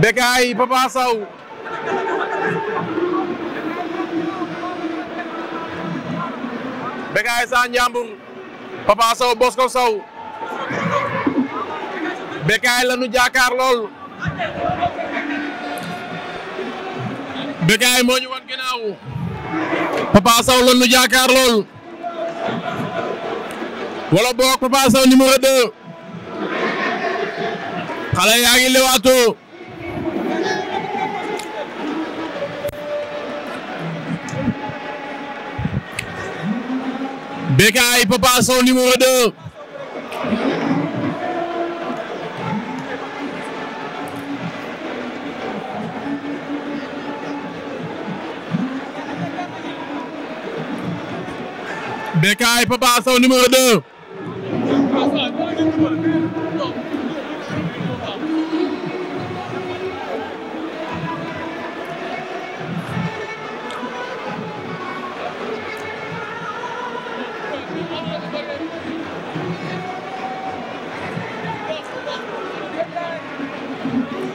Bécaye Papa Sow Bécaye saa njàmbur Papa Sow Bosco Sow Bécaye la nu jaakaar lool Bécaye wan ginnaaw Papa Sow la nu jaakaar lool wala boog Papa Sow numéro 2 xale yaa ngi lewaatoo Bécaye Papa Sow numéro 2. Bécaye Papa Sow numéro 2.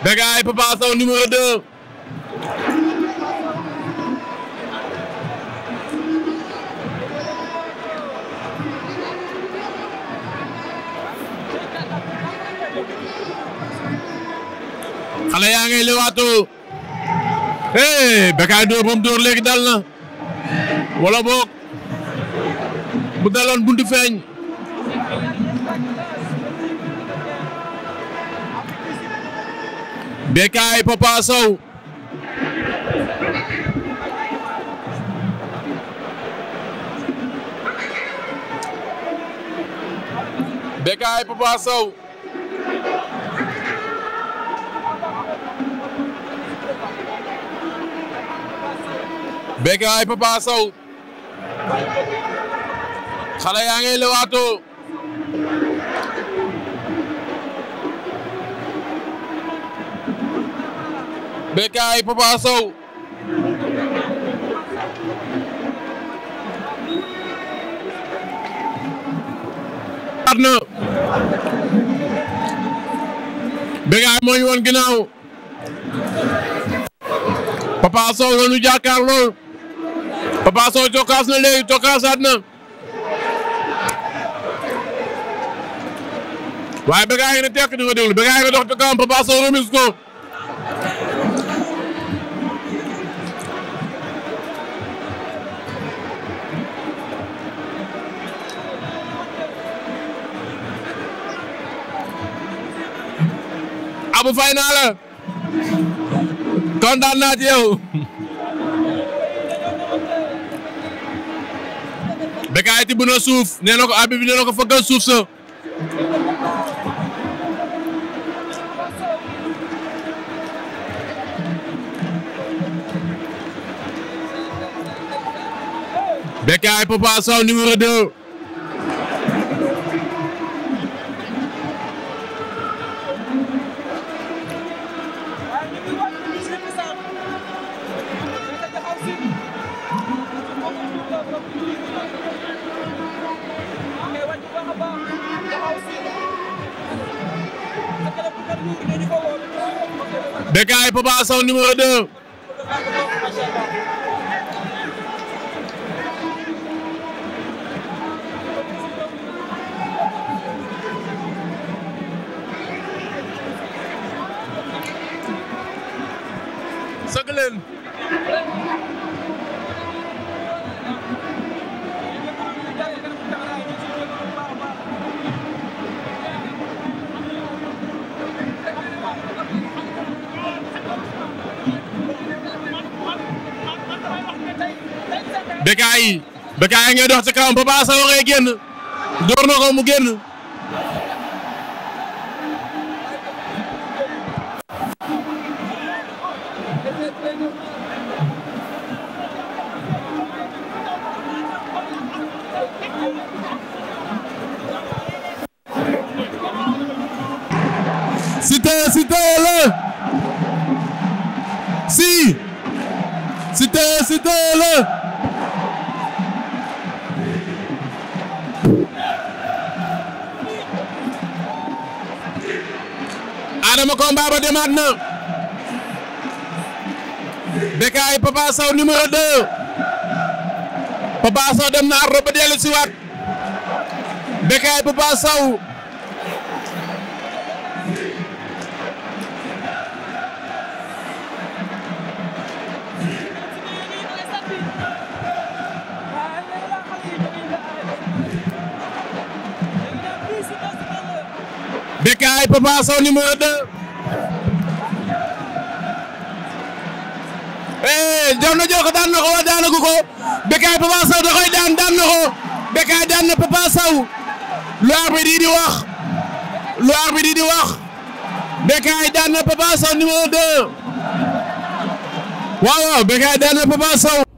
Bégaay Papa Sow numéro 2. xale yaa ngay lewaatoo hey ba mu dóor léegi dal na wala boog bu daloon buntu feeñ. Bécaye Papa Sow Bécaye Papa Sow Bécaye Papa Sow xale yaa ngi lewaatoo Bécaye Papa Sow na Bécaye moo ñu woon ginnaaw Papa Sow la ñu jàkkaar lool Papa Sow cokaas na léegi cokaasaat na waaye Bécaye nga ne tekk di ko déglu Bécaye nga dox ci kawam Papa Sow remise ko Babou fay naa la kontaan naa ci yow Bécaye suuf nee ko abi bi na ko fëggal suuf sa Bécaye Papa Sow numéro 2 Bécaye Papa Sow numéro 2. sëg leen Bécaye Bécaye ngay dox ci kawam Papa Sow ngay génn door na génn. Siteu Siteu la diggante Siteu la Adama combat ba demaat na Bécaye Papa Sow numéro 2 Papa Sow dem Bécaye Papa Sow numéro 2. eh jox na jox ko daan na ko wala daanagu ko Bécaye Papa Sow da koy daan daan na ko Bécaye daan na Papa Sow. lu arbitre bi di wax lu arbitre bi di wax Bécaye daan na Papa Sow numéro 2 waaw waaw Bécaye daan na Papa Sow.